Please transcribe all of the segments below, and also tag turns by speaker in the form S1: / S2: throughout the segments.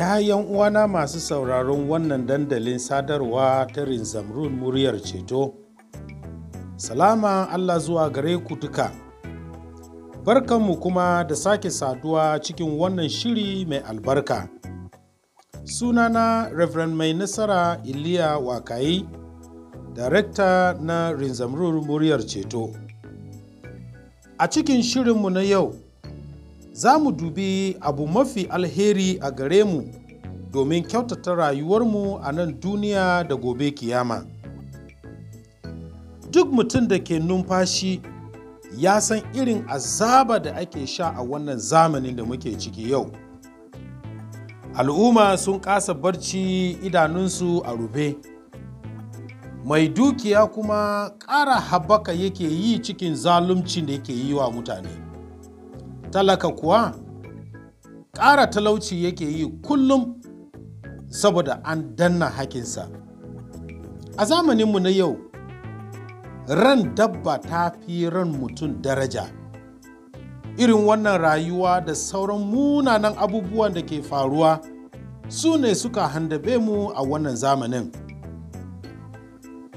S1: Ya yan uwana masu sauraron wannan dandalin sadarwa ta Rinzamrun muryar ceto. Salama Allah zuwa gare ku duka. Barkanmu kuma da sake saduwa cikin wannan shiri mai albarka. Sunana Reverend Mai Nasara Iliya Wakayi, Darekta na Rinzamrun muryar ceto. A cikin shirinmu na yau, za mu dubi abu mafi alheri a gare mu domin kyautata rayuwarmu a nan duniya da gobe kiyama. Duk mutum da ke numfashi ya san irin azaba da ake sha a wannan zamanin da muke ciki yau. Al'umma sun kasa barci idanunsu a rufe. Mai dukiya kuma ƙara habaka yake yi cikin zalunci da yake yi wa mutane. talaka kuwa ƙara talauci yake yi kullum saboda an danna hakinsa a zamaninmu na yau ran dabba ta fi ran mutum daraja irin wannan rayuwa da sauran munanan abubuwan da ke faruwa su ne suka handabe mu a wannan zamanin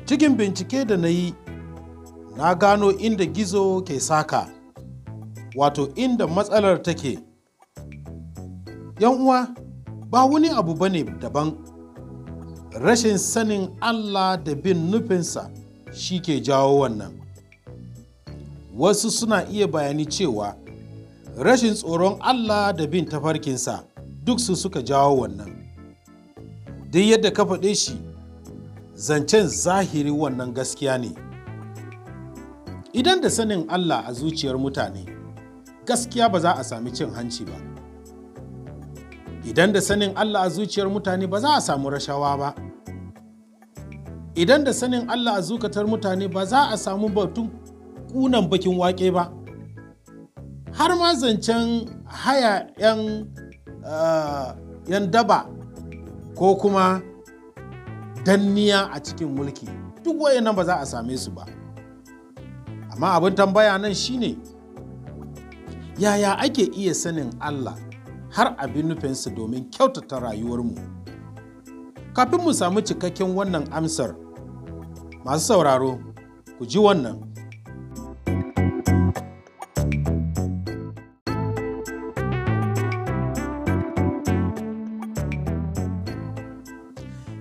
S1: cikin bincike da na yi na gano inda gizo ke saka wato inda matsalar take yan uwa ba wani abu bane daban rashin sanin allah da bin nufinsa shi ke jawo wannan wasu suna iya bayani cewa rashin tsoron allah da bin tafarkinsa duk su suka jawo wannan duk yadda ka faɗe shi zancen zahiri wannan gaskiya ne idan da sanin allah a zuciyar mutane gaskiya ba za a sami cin hanci ba idan da sanin allah a zuciyar mutane ba za a samu rashawa ba idan da sanin allah a zukatar mutane ba za a samu batun kunan bakin wake ba har ma zancen haya eh, 'yan daba ko kuma danniya a cikin mulki duk nan ba za a same su ba amma abin tambaya nan shine yaya ake iya sanin Allah har abin nufinsa domin kyautata rayuwarmu? Kafin mu samu cikakken wannan amsar, masu sauraro, ku ji wannan.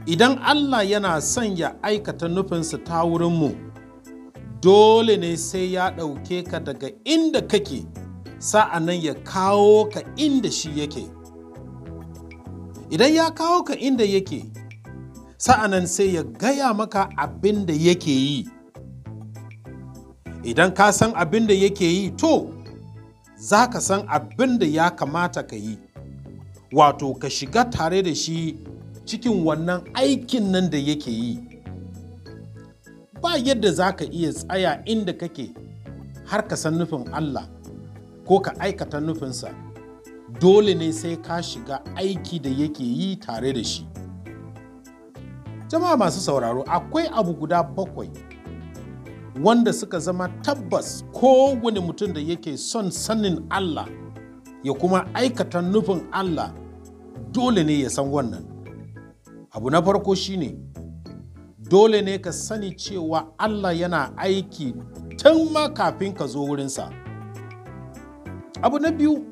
S1: Idan Allah yana son ya aikata nufinsa ta wurinmu, dole ne sai ya ɗauke ka daga inda kake. sa'annan ya kawo ka inda shi yake idan ya kawo ka inda yake sa'annan sai ya gaya maka abin da yake yi idan ka san abin da yake yi to za ka san abin da ya kamata ka yi wato ka shiga tare da shi cikin wannan aikin nan da yake yi ba yadda za ka iya tsaya inda kake har ka san nufin Allah ko ka aikata nufinsa dole ne sai ka shiga aiki da yake yi tare da shi jama'a masu sauraro akwai abu guda bakwai wanda suka zama tabbas kowane mutum da yake son sanin Allah ya kuma aikata nufin Allah dole ne ya san wannan abu na farko shine dole ne ka sani cewa Allah yana aiki tun ma kafin ka zo wurinsa abu na biyu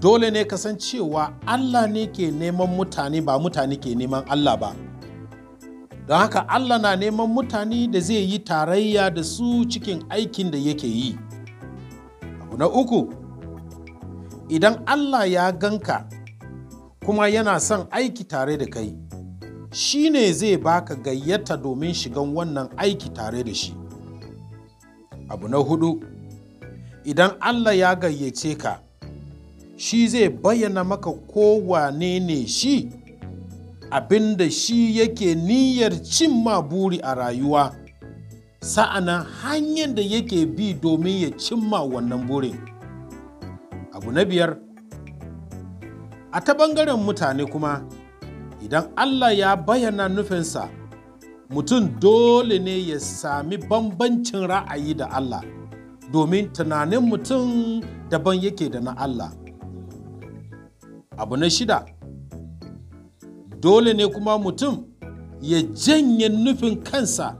S1: dole ne kasancewa allah ne ke neman mutane ba mutane ke neman allah ba don haka allah na neman mutane da zai yi tarayya da su cikin aikin da yake yi abu na uku idan allah ya ganka kuma yana son aiki tare da kai shi ne zai baka gayyata domin shigan wannan aiki tare da shi abu na hudu idan Allah ya gayyace ka shi zai bayyana maka kowane ne shi abinda shi yake niyyar cimma buri a rayuwa sa'anan hanyar da yake bi domin ya cimma wannan burin abu na biyar a ta ɓangaren mutane kuma idan allah ya bayyana nufinsa mutum dole ne ya sami bambancin ra'ayi da allah domin tunanin mutum daban yake da na Allah. Abu na shida, dole ne kuma mutum ya janye nufin kansa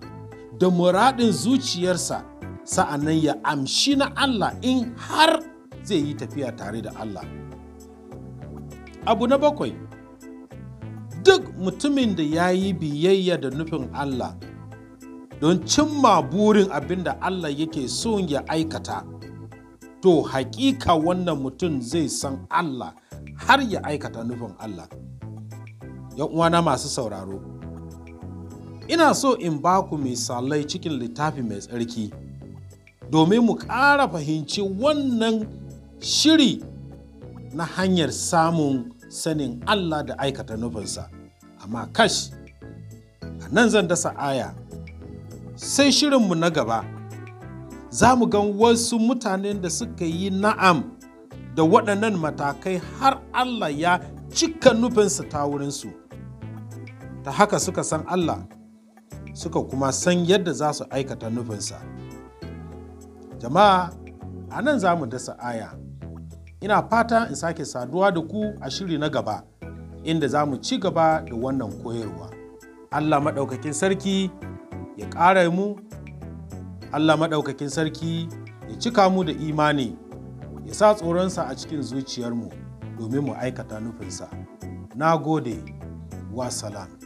S1: da muradin zuciyarsa sa'annan ya amshi na Allah in har zai yi tafiya tare da Allah. Abu na bakwai, duk mutumin da ya yi biyayya da nufin Allah don cimma burin abin da Allah yake son ya aikata to hakika wannan mutum zai san Allah har ya aikata nufin Allah uwana masu sauraro ina so in ba ku misalai cikin littafi mai tsarki domin mu ƙara fahimci wannan shiri na hanyar samun sanin Allah da aikata nufinsa amma kash a nan zan dasa aya sai shirinmu na gaba za mu gan wasu mutanen da suka yi na'am da waɗannan matakai har Allah ya cika nufinsu ta wurinsu ta haka suka san Allah suka kuma san yadda za su aikata nufinsa jama'a a nan za mu dasa aya ina fata in sake saduwa da ku a shiri na gaba inda za mu ci gaba da wannan koyarwa Allah maɗaukakin sarki ya ƙara mu Allah maɗaukakin sarki ya cika mu da imani ya sa tsoronsa a cikin zuciyarmu domin mu aikata nufinsa. Na gode, wa salam.